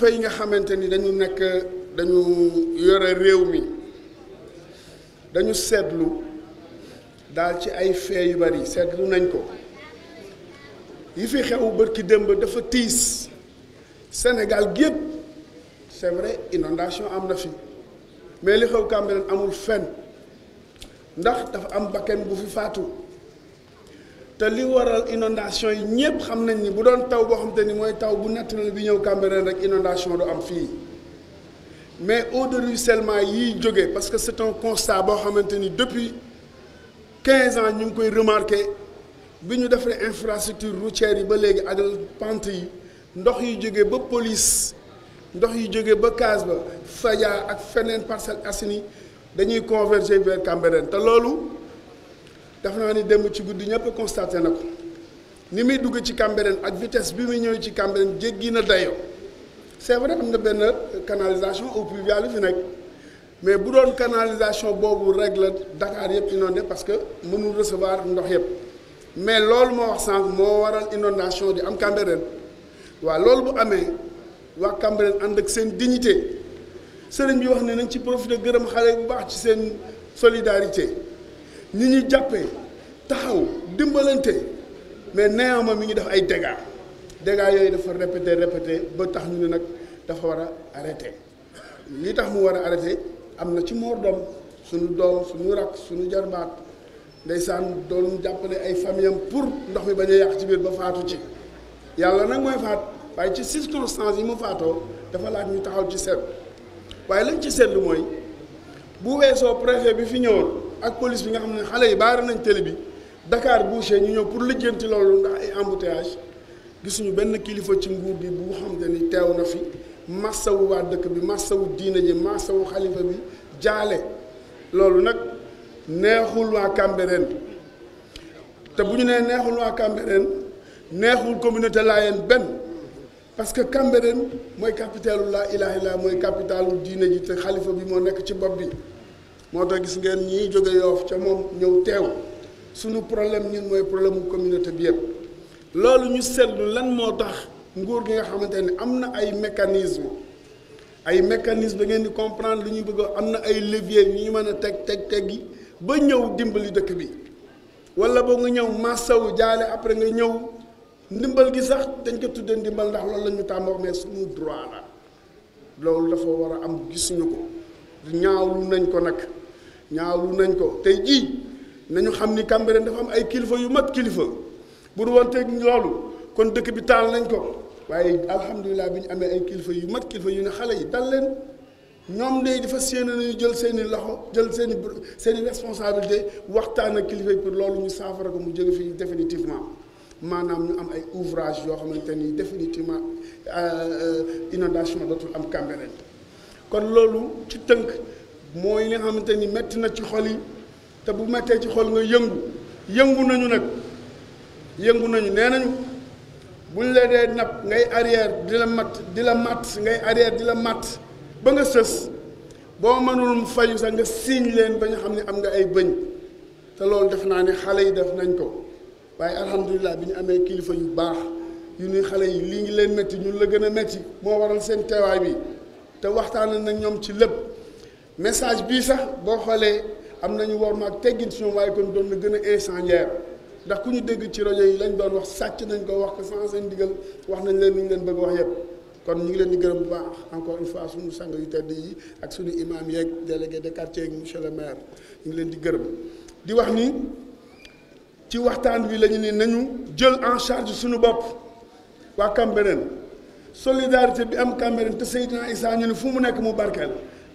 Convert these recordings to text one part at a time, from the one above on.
kilifa yi nga xamante ni dañu nekk dañu yore réew mi dañu seetlu daal ci ay fee yu bari seetlu nañ ko yi fi xew bërki démb dafa tiis Sénégal gépp c'est vrai inondation am na fi mais li xew Cambérène amul fenn ndax dafa am bakkan bu fi faatu te li waral inondation yi ñëpp xam nañ ni bu doon taw boo xam te ni mooy taw bu naturel bi ñëw Cambérène rek inondation du am fii mais eau de ruissellement yiy jógee parce que c'est un constat boo xamante ni depuis quinze ans ñu ngi koy remarqué bi ñu defee infrastructure routière yi ba léegi ak pant yi ndox yu jóge ba police ndox yi jóge ba case ba Fadia ak feneen Parcelles Assainies dañuy converger vers Cambérène te loolu def naa ni démb ci guddi ñëpp constaté na ko ni muy dugg ci Cambérène ak vitesse bi muy ñëw ci Cambérène jéggi na dayoo c'est vrai am na benn canalisation eaux pluviales yu fi nekk mais bu doon canalisation boobu rek la Dakar yëpp inondé parce que mënul recevoir ndox yëpp mais loolu moo wax sànq moo waral inondation di am Cambérène waa loolu bu amee wax Cambérène ànd ak seen dignité sëriñ bi wax ne nañ ci profité gërëm xale bu baax ci seen solidarité. ni ñuy jàppee taxaw dimbalante mais ma mi ngi def ay dégâts dégâts yooyu dafa répété répété ba tax ñu ne nag dafa war a arrêté li tax mu war a arrêté am na ci moor doom suñu doom suñu rakk suñu jarbaat ndeysaan doon jàppale ay famiyam pour ndox mi bañ a yàq ci biir ba faatu ci yàlla nag mooy faat waaye ci circonstances yi mu faatoo dafa laaj ñu taxaw ci seet waaye lañ ci seetlu mooy bu weesoo préfet bi fi ñëwoon ak police bi nga xam ne xale yi baara nañ télé bi Dakar bouché ñu ñëw pour lijjanti loolu ndax ay embouteillage gisuñu benn kilifa ci nguur bi bu xam te ni teew na fi massawu waa dëkk bi massawu diine ji wu xalifa bi jaale loolu nag neexul waa Cambérène te bu ñu nee neexul waa Cambérène neexul communauté Layène benn parce que Cambérène mooy capitalu laa ilaha illah mooy capitalu diine ji te xalifa bi moo nekk ci bopp bi moo tax gis ngeen ñii jóge yoof ca moom ñëw teew suñu problème ñun mooy problème mu communauté bi yëpp loolu ñu seetlu lan moo tax nguur gi nga xamante ne am na ay mécanisme ay mécanisme da ngeen di comprendre lu ñuy bëgg am na ay levier ñu ñu mën a teg teg teg gi ba ñëw dimbali dëkk bi wala boo nga ñëw massawu jaale après nga ñëw ndimbal gi sax dañ ko tuddee ndimbal ndax loolu la ñu tàmm wax suñu droit la loolu dafa war a am gisuñu ko ñaawlu nañ ko nag ñaawlu nañ ko tey jii nañu xam ni Cambérène dafa am ay kilifa yu mat kilifa bu du woon loolu kon dëkk bi taal nañ ko waaye alhamdulilah bi ñu amee ay kilifa yu mat kilifa yu ne xale yi dal leen ñoom day dafa séen nañu jël seen i loxo jël seen seen i responsabilité waxtaan ak kilifa yi pour loolu ñu saafara ko mu jóge fii définitivement maanaam ñu am ay ouvrage yoo xamante ni définitivement euh, euh, inondation dootul am Cambérène kon loolu ci tënk. mooy li nga xamante ni metti na ci xol yi te bu mettee ci xol nga yëngu yëngu nañu nag yëngu nañu nee nañu buñ la dee napp ngay arrière di la matt di la matt ngay arrière di la matt ba nga sës boo mënul fayu sax nga siiñ leen ba nga xam ne am nga ay bëñ te loolu def naa ne xale yi def nañ ko waaye alhamdulilah bi ñu amee kilifa yu baax yu ni xale yi lii ngi leen métti ñun la gën a métti moo waral seen teewaay bi te waxtaan nag ñoom ci lépp message bii sax boo xoolee am nañu war ma ak teggin si ñoom waaye kon doon na gën a incendiaire ndax ku ñu dégg ci rajo yi lañ doon wax sàcc nañ ko wax ko sans seen digal wax nañ leen ni ñu leen bëgg wax yëpp kon ñu ngi leen di gërëm bu baax encore une fois suñu sang yu tedd yi ak suñu imam yeeg délégué de quartier ak monsieur le maire ñu ngi leen di gërëm di wax ni ci waxtaan wi lañu ne nañu jël en charge suñu bopp waa Cambérène solidarité bi am Cambérène te Seydina Issa ñu ne mu nekk mu barkeel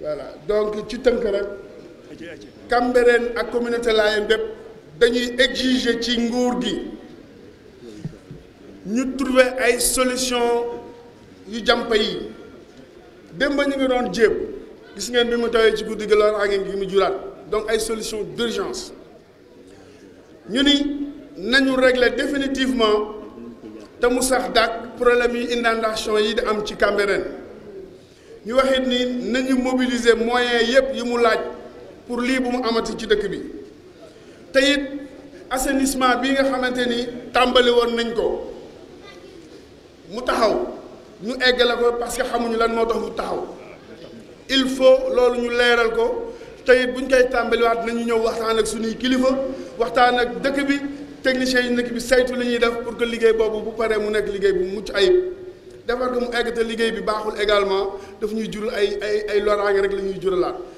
voilà donc ci tënk rek Cambérène ak communauté Layène bépp dañuy exiger ci nguur gi ñu trouver ay solution yu jàmpa yi démb ñu ngi doon jéem gis ngeen bi mu tawee ci guddi gi loolu ak ngi mu juraat donc ay solution d'urgence ñu ni nañu régler définitivement te mu sax dàq problème yi inondation yi di am ci Cambérène ñu waxit nii nañu mobiliser moyens yépp yi mu laaj pour lii bu mu amati ci dëkk bi te it assainissement bi nga xamante ni tàmbali woon nañ ko mu taxaw ñu eggale ko parce que xamuñu lan moo tax mu taxaw il faut loolu ñu leeral ko te it buñ koy tàmbaliwaat nañu ñëw waxtaan ak suñuy kilifa waxtaan ak dëkk bi techniciens yi dëkk bi saytu lañuy def pour que liggéey boobu bu paree mu nekk liggéey bu mucc ayib. defar ko mu egg te liggéey bi baaxul également daf ñuy jural ay ay ay loraange rek la ñuy juralaat